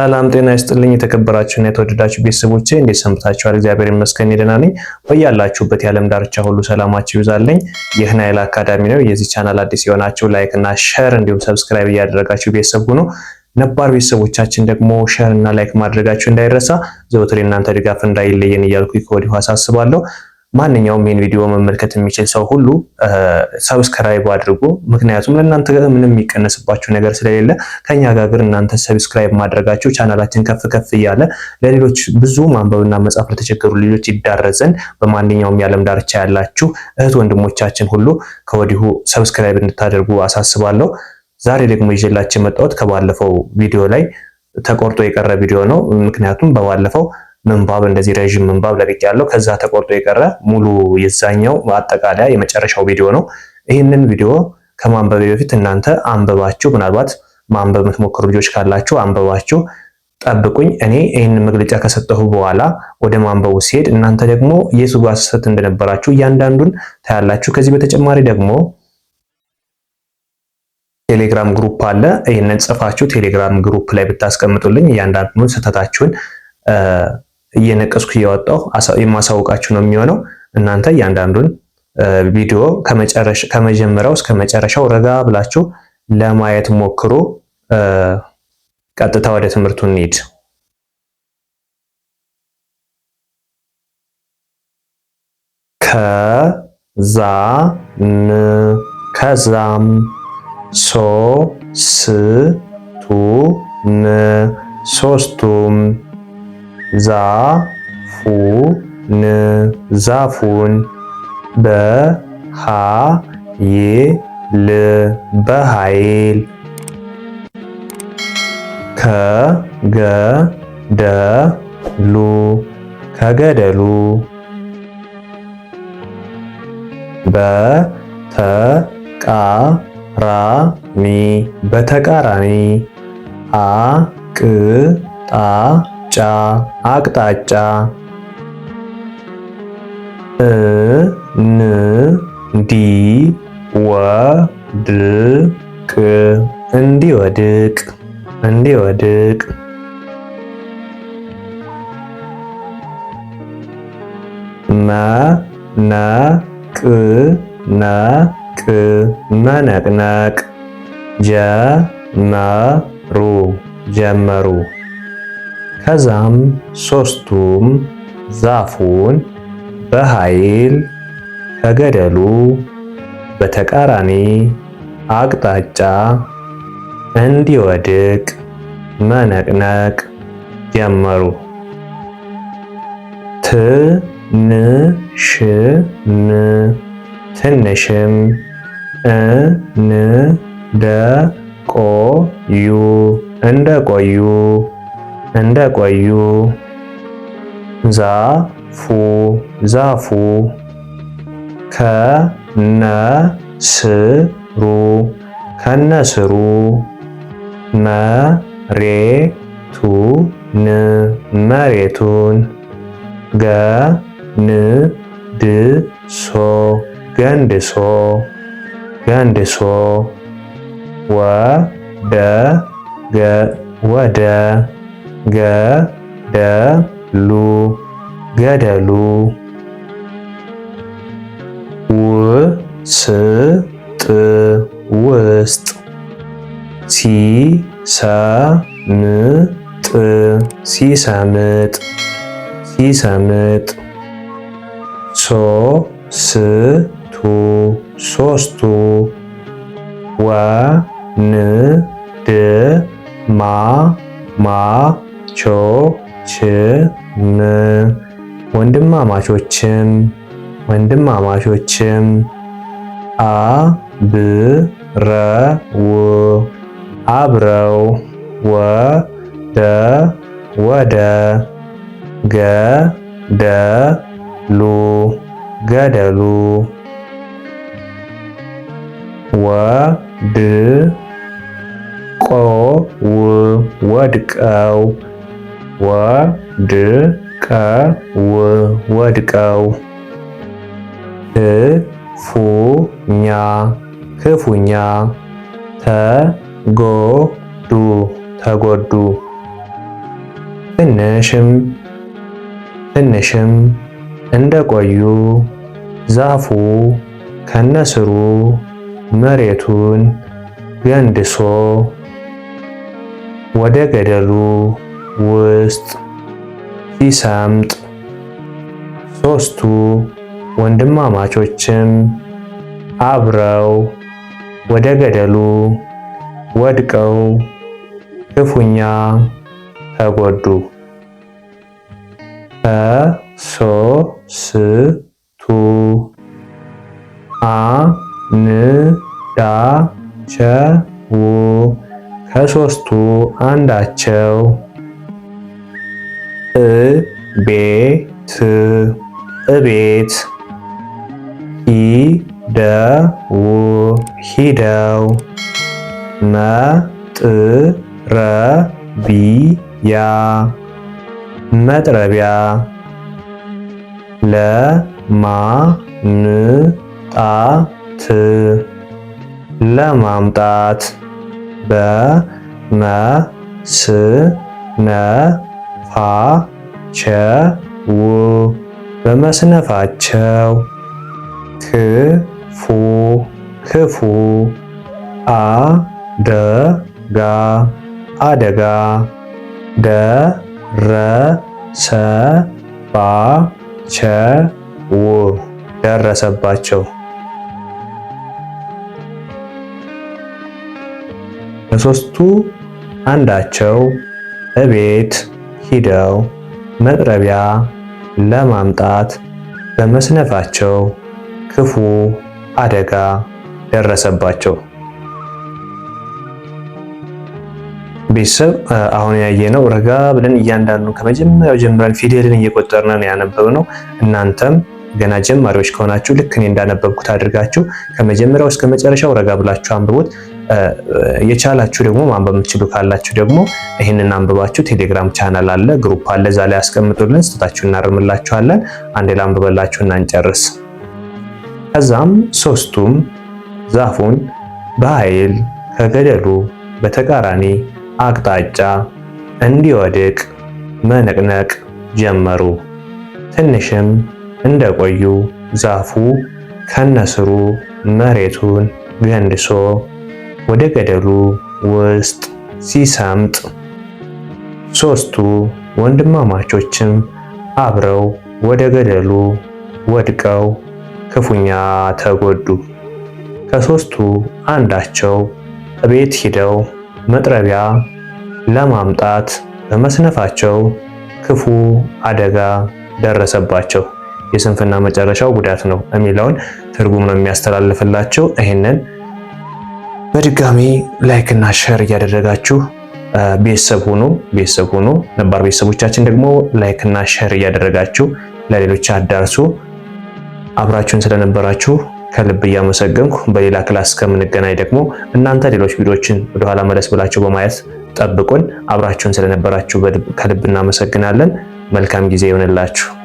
ሰላም ጤና ይስጥልኝ። የተከበራችሁና የተወደዳችሁ ቤተሰቦቼ እንዴት ሰንብታችኋል? እግዚአብሔር ይመስገን ደህና ነኝ። በያላችሁበት የዓለም ዳርቻ ሁሉ ሰላማችሁ ይብዛልኝ። ይህ ናይል አካዳሚ ነው። የዚህ ቻናል አዲስ የሆናችሁ ላይክ እና ሸር እንዲሁም ሰብስክራይብ እያደረጋችሁ ቤተሰብ ሁኑ። ነባር ቤተሰቦቻችን ደግሞ ሸር እና ላይክ ማድረጋችሁ እንዳይረሳ፣ ዘወትር እናንተ ድጋፍ እንዳይለየን እያልኩ ከወዲሁ አሳስባለሁ። ማንኛውም ይህን ቪዲዮ መመልከት የሚችል ሰው ሁሉ ሰብስክራይብ አድርጉ። ምክንያቱም ለእናንተ ምንም የሚቀነስባችሁ ነገር ስለሌለ ከኛ ጋር ግን እናንተ ሰብስክራይብ ማድረጋችሁ ቻናላችን ከፍ ከፍ እያለ ለሌሎች ብዙ ማንበብና መጻፍ ለተቸገሩ ልጆች ይዳረስ ዘንድ በማንኛውም የዓለም ዳርቻ ያላችሁ እህት ወንድሞቻችን ሁሉ ከወዲሁ ሰብስክራይብ እንድታደርጉ አሳስባለሁ። ዛሬ ደግሞ ይዤላችሁ የመጣሁት ከባለፈው ቪዲዮ ላይ ተቆርጦ የቀረ ቪዲዮ ነው። ምክንያቱም በባለፈው ምንባብ እንደዚህ ረዥም ምንባብ ለቅቅ ያለው ከዛ ተቆርጦ የቀረ ሙሉ የዛኛው አጠቃለያ የመጨረሻው ቪዲዮ ነው። ይህንን ቪዲዮ ከማንበብ በፊት እናንተ አንብባችሁ ምናልባት ማንበብ የምትሞክሩ ልጆች ካላችሁ አንብባችሁ ጠብቁኝ። እኔ ይህን መግለጫ ከሰጠሁ በኋላ ወደ ማንበቡ ሲሄድ እናንተ ደግሞ የሱ ጋር ስህተት እንደነበራችሁ እያንዳንዱን ታያላችሁ። ከዚህ በተጨማሪ ደግሞ ቴሌግራም ግሩፕ አለ። ይህንን ጽፋችሁ ቴሌግራም ግሩፕ ላይ ብታስቀምጡልኝ እያንዳንዱን ስህተታችሁን እየነቀስኩ እያወጣሁ የማሳውቃችሁ ነው የሚሆነው። እናንተ እያንዳንዱን ቪዲዮ ከመጀመሪያው እስከ መጨረሻው ረጋ ብላችሁ ለማየት ሞክሩ። ቀጥታ ወደ ትምህርቱ እንሂድ። ከዛም ከዛም ሶስቱም ሶስቱም ዛ ፉ ን ዛፉን በ በሃይል ከ ከገደሉ በ ተ ቃ በተቃራኒ አ አቅጣጫ አቅጣጫ እ ን ዲ ወ ድ ቅ እንዲወድቅ እንዲወድቅ መ ነ ቅ ነ ቅ መነቅነቅ ጀመሩ ጀመሩ ከዛም ሶስቱም ዛፉን በኃይል ከገደሉ በተቃራኒ አቅጣጫ እንዲወድቅ መነቅነቅ ጀመሩ። ትንሽም ትንሽም እንደቆዩ እንደቆዩ እንደቆዩ ዛፉ ዛፉ ከነስሩ ከነስሩ መሬቱን መሬቱን ገንድሶ ገንድሶ ገንድሶ ወደገ ወደ ገደሉ ገደሉ ውስጥ ውስጥ ሲሰምጥ ሲሰምጥ ሲሰምጥ ሶስቱ ሶስቱ ወንድማማ ቾ ች ም ወንድማማቾችን ወንድማማቾችን አ ብ ረ ው አብረው ወ ደ ወደ ገ ደ ሉ ገደሉ ወ ድ ቆ ው ወድቀው ወድቀው ወድቀው ክፉኛ ክፉኛ ተጎዱ ተጎዱ ትንሽም ትንሽም እንደቆዩ ዛፉ ከነስሩ መሬቱን ገንድሶ ወደ ገደሉ ውስጥ ሲሰምጥ ሶስቱ ወንድማማቾችም አብረው ወደ ገደሉ ወድቀው ክፉኛ ተጎዱ። ከሶስቱ አንዳቸው ከሶስቱ አንዳቸው እቤት እቤት ሂደው ሂደው መጥረቢያ መጥረቢያ ለማምጣት ለማምጣት በመስነ አ ቸ ው በመስነፋቸው ክ ፉ ክፉ አ ደ ጋ አደጋ ደ ረ ሰ ባ ቸ ው ደረሰባቸው። ከሶስቱ አንዳቸው እቤት ሂደው መጥረቢያ ለማምጣት በመስነፋቸው ክፉ አደጋ ደረሰባቸው። ቤተሰብ አሁን ያየነው ረጋ ብለን እያንዳንዱ ከመጀመሪያው ጀምረን ፊደልን እየቆጠርን ያነበብነው እናንተም ገና ጀማሪዎች ከሆናችሁ ልክ እኔ እንዳነበብኩት አድርጋችሁ ከመጀመሪያው እስከ መጨረሻው ረጋ ብላችሁ አንብቦት። የቻላችሁ ደግሞ ማንበብ የምትችሉ ካላችሁ ደግሞ ይህንን አንብባችሁ ቴሌግራም ቻናል አለ፣ ግሩፕ አለ፣ እዛ ላይ ያስቀምጡልን፣ ስህተታችሁ እናርምላችኋለን። አንዴ ላንብበላችሁ እና እንጨርስ። ከዛም ሶስቱም ዛፉን በኃይል ከገደሉ በተቃራኒ አቅጣጫ እንዲወድቅ መነቅነቅ ጀመሩ። ትንሽም እንደቆዩ ዛፉ ከነስሩ መሬቱን ገንድሶ ወደ ገደሉ ውስጥ ሲሰምጥ ሶስቱ ወንድማማቾችም አብረው ወደ ገደሉ ወድቀው ክፉኛ ተጎዱ። ከሶስቱ አንዳቸው እቤት ሂደው መጥረቢያ ለማምጣት በመስነፋቸው ክፉ አደጋ ደረሰባቸው። የስንፍና መጨረሻው ጉዳት ነው የሚለውን ትርጉም ነው የሚያስተላልፍላቸው ይህንን በድጋሚ ላይክና ሸር እያደረጋችሁ ቤተሰብ ሁኑ ቤተሰብ ሁኑ። ነባር ቤተሰቦቻችን ደግሞ ላይክና ሸር እያደረጋችሁ ለሌሎች አዳርሱ። አብራችሁን ስለነበራችሁ ከልብ እያመሰገንኩ በሌላ ክላስ ከምንገናኝ ደግሞ እናንተ ሌሎች ቪዲዮችን ወደኋላ መለስ ብላችሁ በማየት ጠብቁን። አብራችሁን ስለነበራችሁ ከልብ እናመሰግናለን። መልካም ጊዜ ይሆንላችሁ።